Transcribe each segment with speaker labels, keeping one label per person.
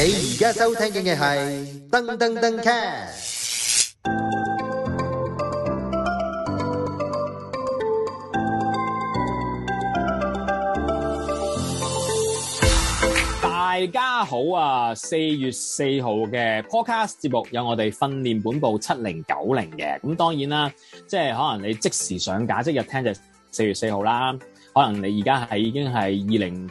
Speaker 1: 你而家收聽嘅係噔噔噔 cast
Speaker 2: 大家好啊！四月四號嘅 podcast 節目有我哋訓練本部七零九零嘅，咁當然啦，即係可能你即時上架即日聽就四月四號啦，可能你而家係已經係二零。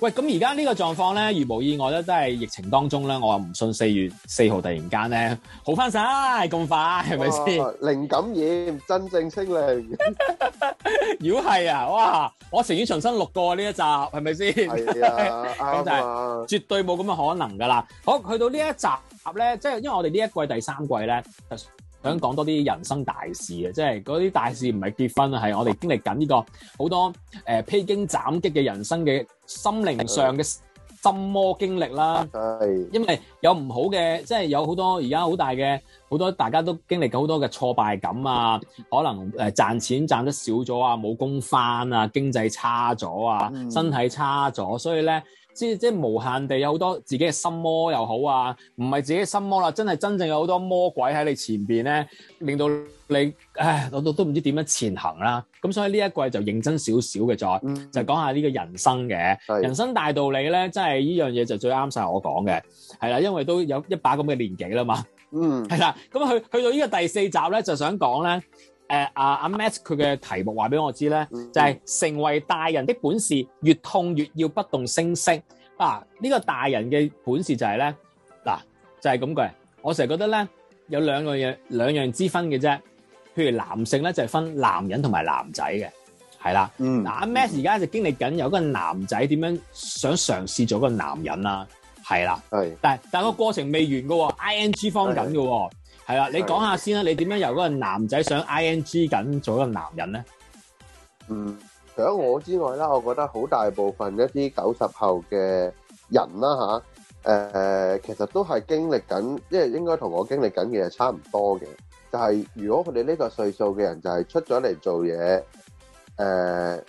Speaker 2: 喂，咁而家呢個狀況咧，如無意外咧，都係疫情當中咧，我唔信四月四號突然間咧好翻晒？咁快，係咪先？
Speaker 1: 零感染真正清零？
Speaker 2: 如果係啊，哇！我情願重新錄過呢一集，係咪先？係啊，咁 就絕對冇咁嘅可能噶啦。好，去到呢一集合咧，即係因為我哋呢一季第三季咧。就是想講多啲人生大事啊！即係嗰啲大事唔係結婚啊，係我哋經歷緊呢個好多誒、呃、披荊斬棘嘅人生嘅心靈上嘅心魔經歷啦。係，因為有唔好嘅，即係有好多而家好大嘅好多大家都經歷緊好多嘅挫敗感啊！可能誒賺錢賺得少咗啊，冇工返啊，經濟差咗啊，身體差咗，所以咧。即即係無限地有好多自己嘅心魔又好啊，唔係自己嘅心魔啦，真係真正有好多魔鬼喺你前邊咧，令到你唉，老到都唔知點樣前行啦。咁所以呢一季就認真少少嘅，再、嗯、就講下呢個人生嘅的人生大道理咧，真係呢樣嘢就最啱晒我講嘅，係啦，因為都有一把咁嘅年紀啦嘛。嗯，係啦，咁去去到呢個第四集咧，就想講咧。誒啊啊 Max 佢嘅題目話俾我知咧，嗯、就係成為大人的本事，越痛越要不動聲色。嗱、啊，呢、呢個大人嘅本事就係咧，嗱、啊、就係咁嘅。我成日覺得咧，有兩樣嘢兩樣之分嘅啫。譬如男性咧，就係、是、分男人同埋男仔嘅，係啦。嗱、嗯，阿 Max 而家就經歷緊有個男仔點樣想嘗試做個男人啦、啊，係啦。係、嗯，但係、嗯、但係個過程未完嘅喎，ING 方緊嘅喎。係啦，你講下先啦，的你點樣由嗰個男仔上 ING 緊做一個男人
Speaker 1: 咧？嗯，除咗我之外啦，我覺得好大部分一啲九十後嘅人啦吓，誒、啊呃，其實都係經歷緊，即係應該同我經歷緊嘅嘢差唔多嘅。就係、是、如果佢哋呢個歲數嘅人就，就係出咗嚟做嘢，誒，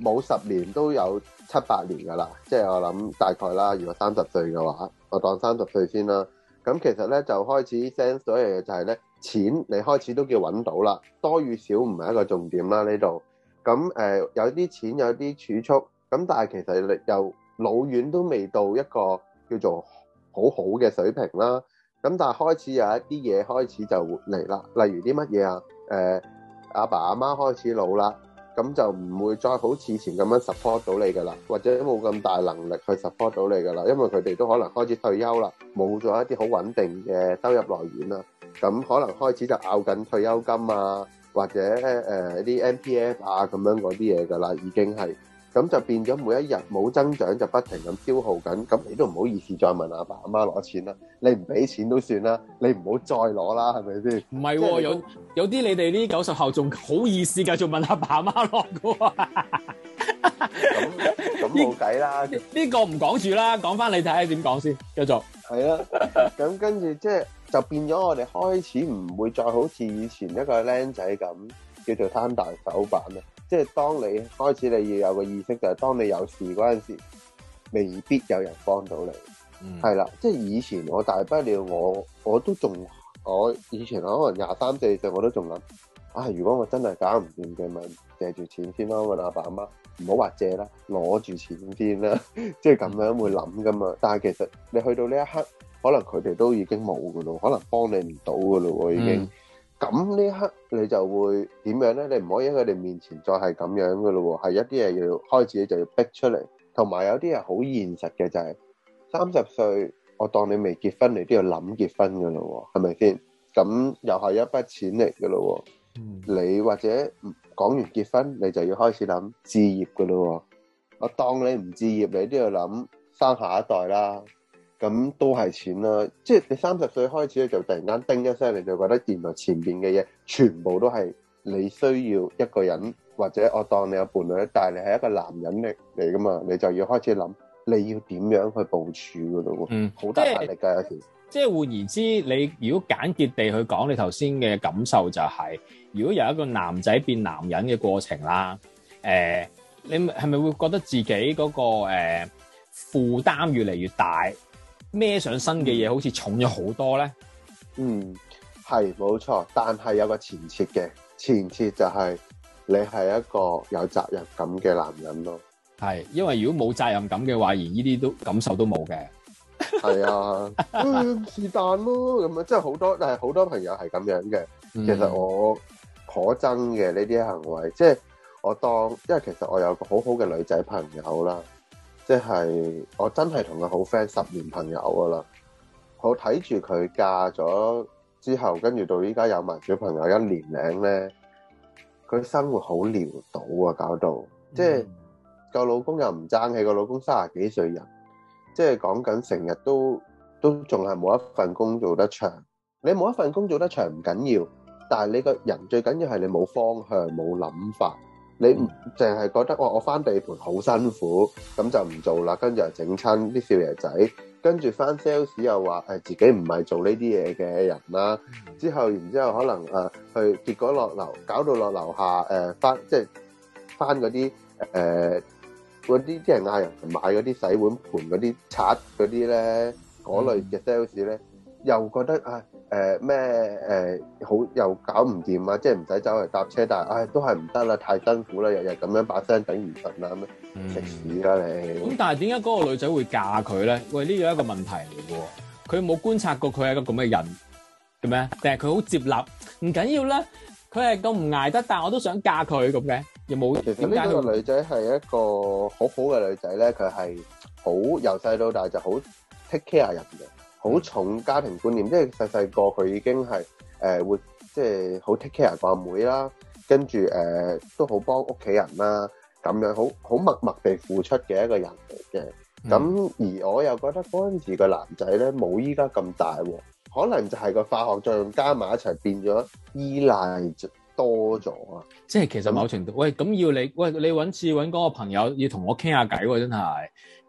Speaker 1: 冇十年都有七八年噶啦，即係我諗大概啦。如果三十歲嘅話，我當三十歲先啦。咁其實咧就開始 sense 到一樣嘢，就係咧錢你開始都叫揾到啦，多與少唔係一個重點啦呢度。咁誒、呃、有啲錢有啲儲蓄，咁但係其實力又老遠都未到一個叫做好好嘅水平啦。咁但係開始有一啲嘢開始就嚟啦，例如啲乜嘢啊？誒、呃、阿爸阿媽開始老啦。咁就唔會再好似以前咁樣 support 到你噶啦，或者冇咁大能力去 support 到你噶啦，因為佢哋都可能開始退休啦，冇咗一啲好穩定嘅收入來源啦，咁可能開始就咬緊退休金啊，或者誒一啲 MPF 啊咁樣嗰啲嘢噶啦，已經係。咁就變咗每一日冇增長就不停咁消耗緊，咁你都唔好意思再問阿爸阿媽攞錢啦。你唔俾錢都算啦，你唔好再攞啦，係咪先？唔係喎，有，
Speaker 2: 有啲你哋呢九十後仲好意思繼續問阿爸阿媽攞噶喎。咁，咁冇計啦，呢 個唔講住啦，講翻你睇下點講先。繼續
Speaker 1: 係啦，咁跟住即係就變咗我哋開始唔會再好似以前一個靚仔咁叫做攤大手板啦。即係當你開始你要有個意識，就係、是、當你有事嗰陣時，未必有人幫到你。係啦、嗯，即係以前我大不了我我都仲我以前可能廿三四歲我都仲諗啊，如果我真係搞唔掂嘅，咪借住錢先咯、啊，問阿爸阿媽，唔好話借啦，攞住錢先啦、啊， 即係咁樣會諗噶嘛。但係其實你去到呢一刻，可能佢哋都已經冇噶咯，可能幫你唔到噶咯，已經。嗯。咁呢刻你就會點樣咧？你唔可以喺佢哋面前再係咁樣嘅咯喎，係一啲嘢要開始就要逼出嚟，同埋有啲嘢好現實嘅就係三十歲，我當你未結婚，你都要諗結婚嘅咯喎，係咪先？咁又係一筆錢嚟嘅咯喎，你或者講完結婚，你就要開始諗置業嘅咯喎，我當你唔置業，你都要諗生下一代啦。咁都係錢啦，即係你三十歲開始咧，就突然間叮一聲，你就覺得原來前邊嘅嘢全部都係你需要一個人，或者我當你有伴侶，但係你係一個男人嚟嚟噶嘛，你就要開始諗你要點樣去部署噶咯
Speaker 2: 喎，好、嗯、大壓力嘅、嗯、一件事。即係換言之，你如果簡潔地去講，你頭先嘅感受就係、是，如果有一個男仔變男人嘅過程啦，誒、呃，你係咪會覺得自己嗰、那個誒、呃、負擔越嚟越大？孭上身嘅嘢好似重咗好多咧，嗯，係冇錯，
Speaker 1: 但係有個前設嘅，前設就係你係一個有責任感
Speaker 2: 嘅男人咯。係，因為如果冇責任感嘅話，而呢啲都感受都冇嘅。
Speaker 1: 係啊， 嗯，是但咯，咁樣即係好多，但係好多朋友係咁樣嘅。其實我可憎嘅呢啲行為，即係我當，因為其實我有個好好嘅女仔朋友啦。即係我真係同佢好 friend 十年朋友噶啦，好睇住佢嫁咗之後，跟住到依家有埋小朋友一年零咧，佢生活好潦倒啊！搞到即係、就是、個老公又唔爭氣，個老公三十幾歲人，即係講緊成日都都仲係冇一份工做得長。你冇一份工做得長唔緊要，但係你個人最緊要係你冇方向、冇諗法。你唔淨係覺得哇、哦！我返地盤好辛苦，咁就唔做啦。跟住又整親啲少爺仔，跟住返 sales 又話誒、哎、自己唔係做呢啲嘢嘅人啦、啊。之後然之後可能誒、啊、去結果落樓搞到落樓下誒、呃、返即係返嗰啲誒嗰啲即係嗌人買嗰啲洗碗盆嗰啲刷嗰啲咧嗰類嘅 sales 咧，又覺得啊～、哎誒咩誒好又搞唔掂啊！即係唔使走嚟搭車，但係唉都係唔得啦，太辛苦啦，日日咁樣把聲頂唔順啦咁樣。食屎啦你！咁但
Speaker 2: 係點解嗰個女仔會嫁佢咧？喂，呢個一個問題嚟嘅喎。佢冇觀察過佢係一個咁嘅人，係咩？定係佢好接納？唔緊要啦，佢係咁唔捱得，但我都想嫁佢咁嘅。又冇點解呢個女
Speaker 1: 仔係一個好好嘅女仔咧，佢係好由細到大就好 take care 人嘅。好重家庭觀念，即係細細個佢已經係誒、呃、會即係好 take care 個阿妹啦，跟住誒、呃、都好幫屋企人啦，咁樣好好默默地付出嘅一個人嚟嘅。咁、嗯、而我又覺得嗰陣時個男仔咧冇依家咁大喎，可能就係個化學作用加埋一齊變咗依賴。多咗
Speaker 2: 啊！即係其實某程度，那喂咁要你，喂你揾次揾嗰個朋友，要同我傾下偈喎。真係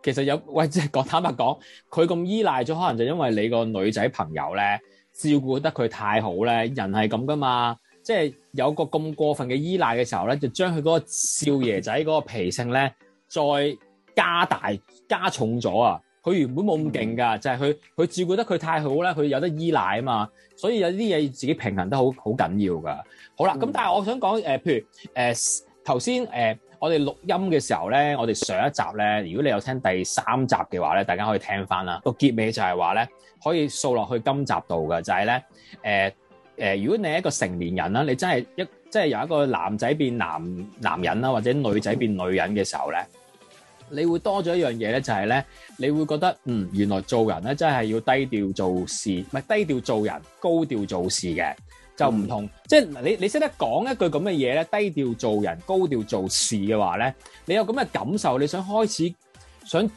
Speaker 2: 其實有喂，即係講坦白講，佢咁依賴咗，可能就因為你個女仔朋友咧照顧得佢太好咧。人係咁噶嘛，即係有個咁過分嘅依賴嘅時候咧，就將佢嗰個少爺仔嗰個脾性咧再加大加重咗啊。佢原本冇咁勁㗎，嗯、就係佢佢照顧得佢太好咧，佢有得依賴啊嘛。所以有啲嘢自己平衡得好好緊要㗎。好啦，咁但係我想講誒、呃，譬如誒，頭先誒，我哋錄音嘅時候咧，我哋上一集咧，如果你有聽第三集嘅話咧，大家可以聽翻啦。個結尾就係話咧，可以掃落去今集度嘅就係、是、咧，誒、呃、誒、呃，如果你係一個成年人啦，你真係一，即係由一個男仔變男男人啦，或者女仔變女人嘅時候咧，你會多咗一樣嘢咧，就係咧，你會覺得嗯，原來做人咧真係要低調做事，唔係低調做人，高調做事嘅。就唔同，嗯、即係你你識得講一句咁嘅嘢咧，低調做人，高調做事嘅話咧，你有咁嘅感受，你想開始想想，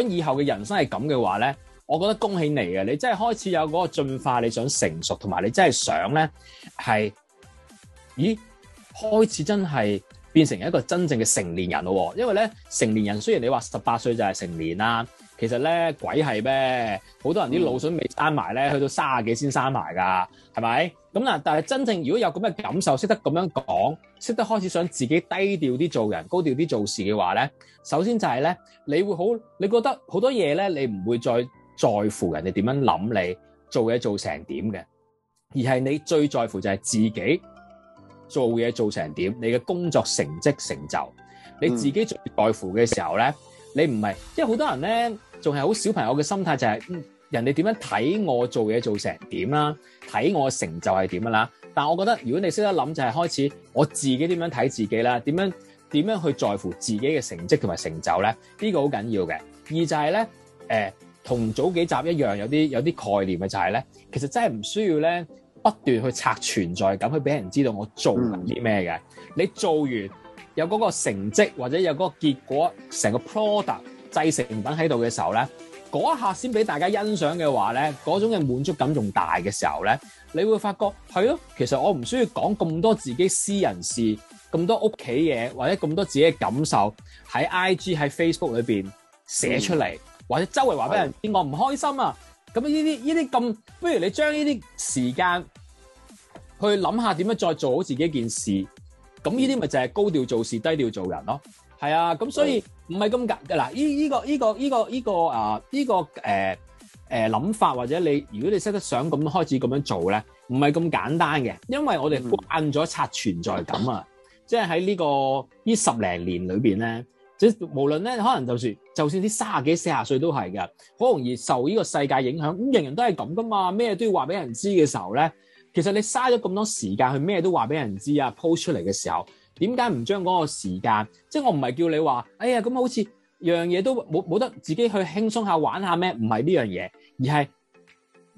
Speaker 2: 想以後嘅人生係咁嘅話咧，我覺得恭喜你嘅、啊，你真係開始有嗰個進化，你想成熟，同埋你真係想咧係，咦，開始真係變成一個真正嘅成年人咯，因為咧成年人雖然你話十八歲就係成年啦，其實咧鬼係咩，好多人啲腦囟未閂埋咧，去到卅幾先閂埋噶，係咪？咁嗱，但係真正如果有咁嘅感受，識得咁樣講，識得開始想自己低調啲做人，高調啲做事嘅話咧，首先就係咧，你會好，你覺得好多嘢咧，你唔會再在乎人哋點樣諗你，做嘢做成點嘅，而係你最在乎就係自己做嘢做成點，你嘅工作成績成就，你自己最在乎嘅時候咧，你唔係，因為好多人咧，仲係好小朋友嘅心態就係。人哋點樣睇我做嘢做成點啦、啊？睇我成就係點噶啦？但係我覺得，如果你識得諗，就係、是、開始我自己點樣睇自己啦、啊？點樣點樣去在乎自己嘅成績同埋成就咧？這個、就呢個好緊要嘅。二就係咧，誒同早幾集一樣有，有啲有啲概念嘅就係咧，其實真係唔需要咧不斷去拆存在感，去俾人知道我做完啲咩嘅。你做完有嗰個成績或者有嗰個結果，成個 product 製成品喺度嘅時候咧。嗰一刻先俾大家欣賞嘅話咧，嗰種嘅滿足感仲大嘅時候咧，你會發覺係咯，其實我唔需要講咁多自己私人事、咁多屋企嘢或者咁多自己嘅感受喺 IG 喺 Facebook 裏邊寫出嚟，嗯、或者周圍話俾人知的我唔開心啊。咁呢啲呢啲咁，不如你將呢啲時間去諗下點樣再做好自己一件事。咁呢啲咪就係高調做事，低調做人咯。係啊，咁所以唔係咁簡嗱，依呢、嗯這個依、這個依、這個依、這個啊，依、這個誒誒諗法或者你如果你識得想咁開始咁樣做咧，唔係咁簡單嘅，因為我哋慣咗刷存在感啊、嗯這個，即係喺呢個呢十零年裏邊咧，即係無論咧，可能就算就算啲卅幾四十歲都係嘅，好容易受呢個世界影響，咁人人都係咁噶嘛，咩都要話俾人知嘅時候咧，其實你嘥咗咁多時間去咩都話俾人知啊，post 出嚟嘅時候。點解唔將嗰個時間？即係我唔係叫你話，哎呀咁好似樣嘢都冇冇得自己去輕鬆下玩下咩？唔係呢樣嘢，而係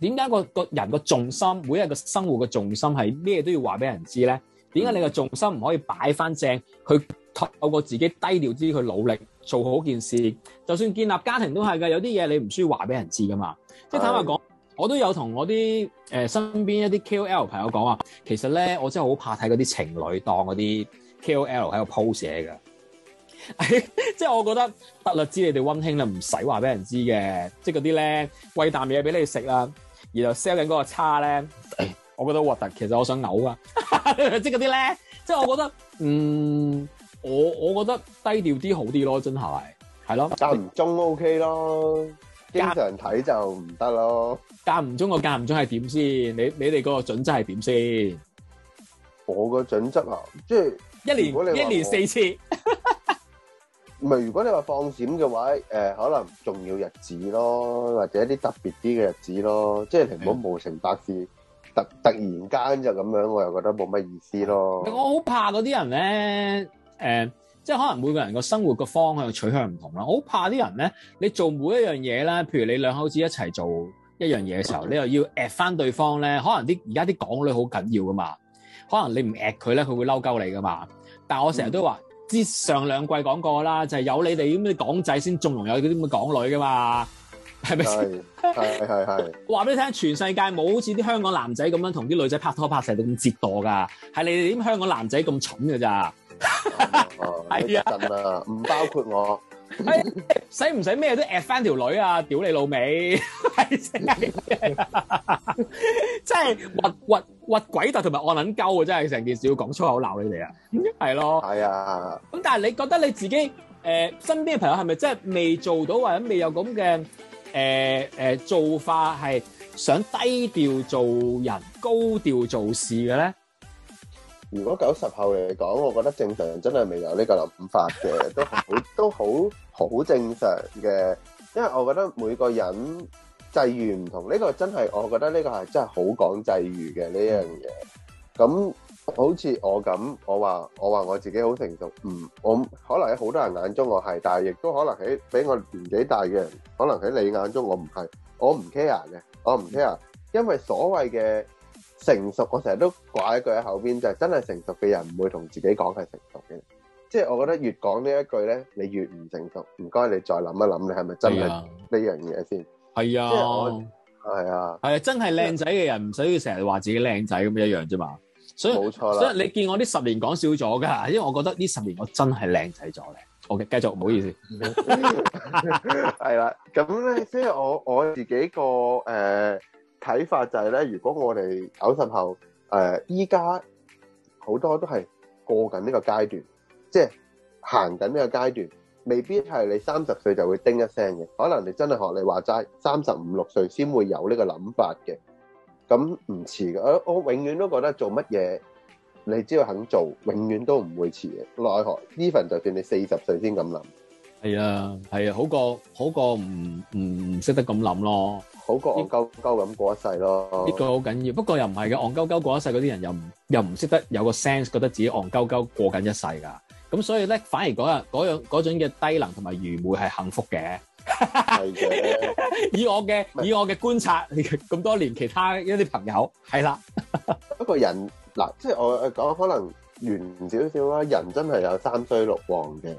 Speaker 2: 點解個個人個重心，每日個生活嘅重心係咩都要話俾人知咧？點解你個重心唔可以擺翻正？去透過自己低調啲去努力做好件事，就算建立家庭都係㗎。有啲嘢你唔需要話俾人知㗎嘛？即係坦白講，的我都有同我啲誒身邊一啲 KOL 朋友講話，其實咧我真係好怕睇嗰啲情侶檔嗰啲。K O L 喺度 po 寫噶，即係我覺得得啦，知你哋溫馨啦，唔使話俾人知嘅。即係嗰啲咧，喂啖嘢俾你食啦，然後 sell 緊嗰個叉咧， 我覺得核突。其實我想嘔啊！ 即係嗰啲咧，即係我覺得，嗯，我我覺得低調啲好啲咯，真係係咯。間唔中 O K 咯，經常睇就唔得咯。間唔中我間唔中係點先？你你哋嗰個準則係點先？我個準則啊，即係。一年，一年四次。
Speaker 1: 唔 係，如果你話放閃嘅話，誒、呃，可能重要日子咯，或者一啲特別啲嘅日子咯，即係你唔好無情白事的突突然間就咁樣，我又覺得冇乜意思咯。
Speaker 2: 我好怕嗰啲人咧，誒、呃，即係可能每個人個生活個方向取向唔同啦。我好怕啲人咧，你做每一樣嘢咧，譬如你兩口子一齊做一樣嘢嘅時候，你又要 at 翻對方咧，可能啲而家啲港女好緊要㗎嘛，可能你唔 at 佢咧，佢會嬲鳩你㗎嘛。但係我成日都話，之上兩季講過啦，就係、是、有你哋咁嘅港仔先縱容有嗰啲咁嘅港女㗎嘛，係咪？係係係。話俾你聽，全世界冇好似啲香港男仔咁樣同啲女仔拍拖拍成咁折墮㗎，係你哋啲香港男仔咁蠢㗎咋？係 是啊，唔 包括我。使唔使咩都掟翻條女啊？屌你老味！即係屈屈屈鬼得，同埋我捻鳩啊！真係成件事要講粗口鬧你哋啊！係咯，係啊。咁但係你覺得你自己誒身邊嘅朋友係咪真係未做到或者未有咁嘅誒誒做法，係想低調做人、高調做事嘅咧？
Speaker 1: 如果九十後嚟講，我覺得正常人真係未有呢個諗法嘅，都好都好。好正常嘅，因為我覺得每個人際遇唔同，呢個真係我覺得呢個係真係好講際遇嘅呢樣嘢，嗯。咁好似我咁，我話，我話我自己好成熟，唔、嗯，我可能喺好多人眼中我係，但係亦都可能喺俾我年紀大嘅人，可能喺你眼中我唔係，我唔 care 嘅，我唔 care，因為所謂嘅成熟，我成日都掛喺佢喺後邊，就係真係成熟嘅人唔會同自己講係成熟嘅。即係，我覺得越講呢一句咧，你越唔正確。唔該，你再諗一諗，你係咪真係呢樣嘢先？係啊，
Speaker 2: 即係啊，係啊，啊，真係靚仔嘅人唔使要成日話自己靚仔咁一樣啫嘛。所以，冇錯啦。即係你見我呢十年講少咗㗎，因為我覺得呢十年我真係靚仔咗咧。OK，繼續唔好意思。
Speaker 1: 係啦，咁咧，即係我我自己個誒睇法就係咧，如果我哋九十後誒，依家好多都係過緊呢個階段。即係行緊呢個階段，未必係你三十歲就會叮一聲嘅。可能你真係學你話齋，三十五六歲先會有呢個諗法嘅。咁唔遲嘅。我我永遠都覺得做乜嘢，你只要肯做，永遠都唔會遲嘅。奈何 Even 就算你四十歲
Speaker 2: 先咁諗，係啊係啊，好過好過唔唔唔識得咁諗咯，
Speaker 1: 好過戇鳩鳩咁過一世咯。呢個好
Speaker 2: 緊要，不過又唔係嘅，戇鳩鳩過一世嗰啲人又唔又唔識得有個 sense，覺得自己戇鳩鳩過緊一世㗎。咁所以咧，反而嗰日嗰樣嗰種嘅低能同埋愚昧係幸福嘅。係嘅，以我嘅以我嘅觀察，咁多年其他一啲朋友係啦。不過人
Speaker 1: 嗱，即係我講可能遠少少啦。人真係有三衰六旺嘅，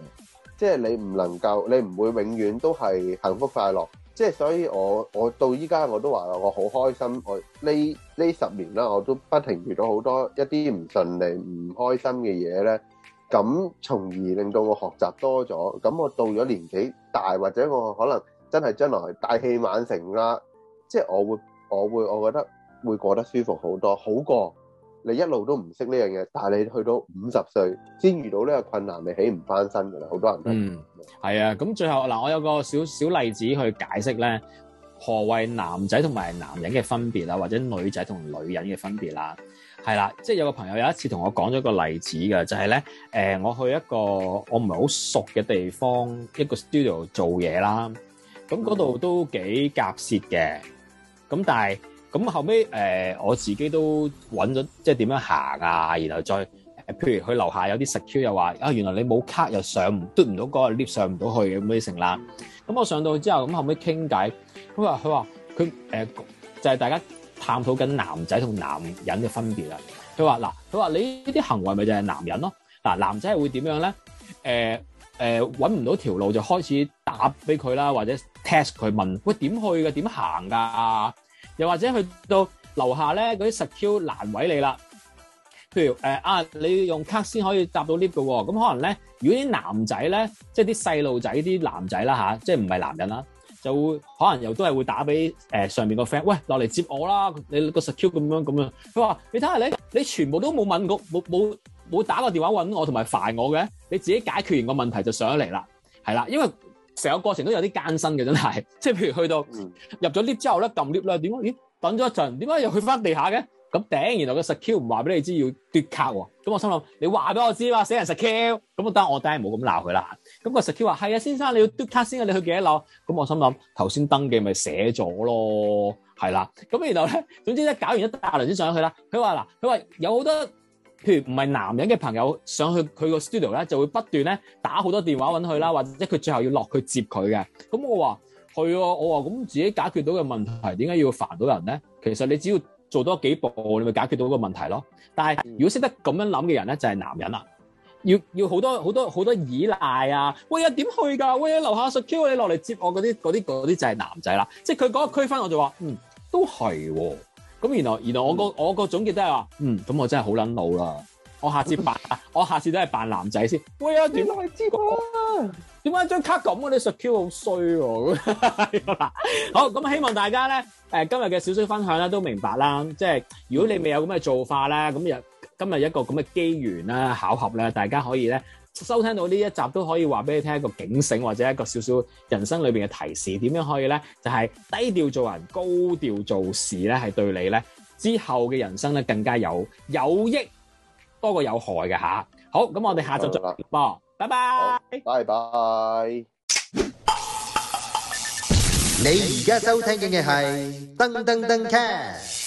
Speaker 1: 即係你唔能夠，你唔會永遠都係幸福快樂。即係所以，我我到依家我都話我好開心。我呢呢十年啦，我都不停遇到好多一啲唔順利、唔開心嘅嘢咧。咁，從而令到我學習多咗，咁我到咗年紀大，或者我可能真係將來大器晚成啦，即係我會，我會，我覺得會過得舒服好多，好過你一路都唔識呢樣嘢，但係你去到五十歲先遇到呢個困難，你起唔翻身㗎啦，好多人
Speaker 2: 都。嗯，係啊，咁最後嗱，我有個小小例子去解釋咧，何謂男仔同埋男人嘅分別啦，或者女仔同女人嘅分別啦。係啦，即係有個朋友有一次同我講咗個例子嘅，就係咧，誒，我去一個我唔係好熟嘅地方，一個 studio 做嘢啦，咁嗰度都幾夾澀嘅，咁但係咁後尾誒，我自己都揾咗，即係點樣行啊，然後再，譬如去樓下有啲 secure 又話，啊，原來你冇卡又上唔，嘟唔到個 lift 上唔到去咁啲成啦，咁我上到去之後，咁後尾傾偈，咁話佢話佢誒，就係大家。探討緊男仔同男人嘅分別啊！佢話：嗱，佢話你呢啲行為咪就係男人咯？嗱，男仔係會點樣咧？誒、呃、誒，揾、呃、唔到條路就開始打俾佢啦，或者 test 佢問：喂，點去嘅？點行噶？又或者去到樓下咧，嗰啲 secure 攔位你啦。譬如誒、呃、啊，你用卡先可以搭到 lift 嘅喎。咁、嗯、可能咧，如果啲男仔咧，即係啲細路仔啲男仔啦吓，即係唔係男人啦？就會可能又都係會打俾誒、呃、上面個 friend，喂落嚟接我啦！你個 secure 咁樣咁樣，佢話你睇下你，你全部都冇問過我，冇冇冇打個電話揾我同埋煩我嘅，你自己解決完個問題就上嚟啦，係啦，因為成個過程都有啲艱辛嘅，真係，即係譬如去到、嗯、入咗 lift 之後咧，撳 lift 啦，點解，咦，等咗一陣，點解又去翻地下嘅？咁頂、啊，然後個 secure 唔話俾你知要嘟卡喎，咁我心諗你話俾我知嘛，死人 secure，咁我得我得冇咁鬧佢啦。咁個 secure 話：係、嗯、啊，先生你要嘟卡先啊，你去幾多樓？咁我心諗頭先登記咪寫咗咯，係啦。咁然後咧，總之咧搞完一大輪先上去啦。佢話嗱，佢話有好多譬如唔係男人嘅朋友上去佢個 studio 咧，就會不斷咧打好多電話揾佢啦，或者佢最後要落去接佢嘅。咁我話係、哎，我話咁、嗯、自己解決到嘅問題，點解要煩到人咧？其實你只要做多幾步，你咪解決到嗰個問題咯。但係如果識得咁樣諗嘅人咧，就係男人啦。要要好多好多好多依賴啊！喂啊，點去㗎？喂，留下個車 key，你落嚟接我，嗰啲嗰啲啲就係男仔啦。即係佢嗰個區分，我就話，嗯，都係喎。咁然後然後我個我個總結都係話，嗯，咁我真係好撚老啦。我下次扮， 我下次都係扮男仔先。喂啊，原來知我，點解張卡咁啊？啲 secure 好衰啊！好咁、啊、 希望大家咧，誒、呃，今日嘅小、小小分享咧都明白啦。即係如果你未有咁嘅做法咧，咁日今日一個咁嘅機緣啦、巧合咧，大家可以咧收聽到呢一集，都可以話俾你聽一個警醒，或者一個少少人生裏邊嘅提示，點樣可以咧就係、是、低調做人、高調做事咧，係對你咧之後嘅人生咧更加有有益。多過有害嘅吓、啊，好，咁我哋下集再直播，
Speaker 1: 拜拜，拜拜。
Speaker 2: 你而家收聽嘅係
Speaker 1: 噔噔噔 cast。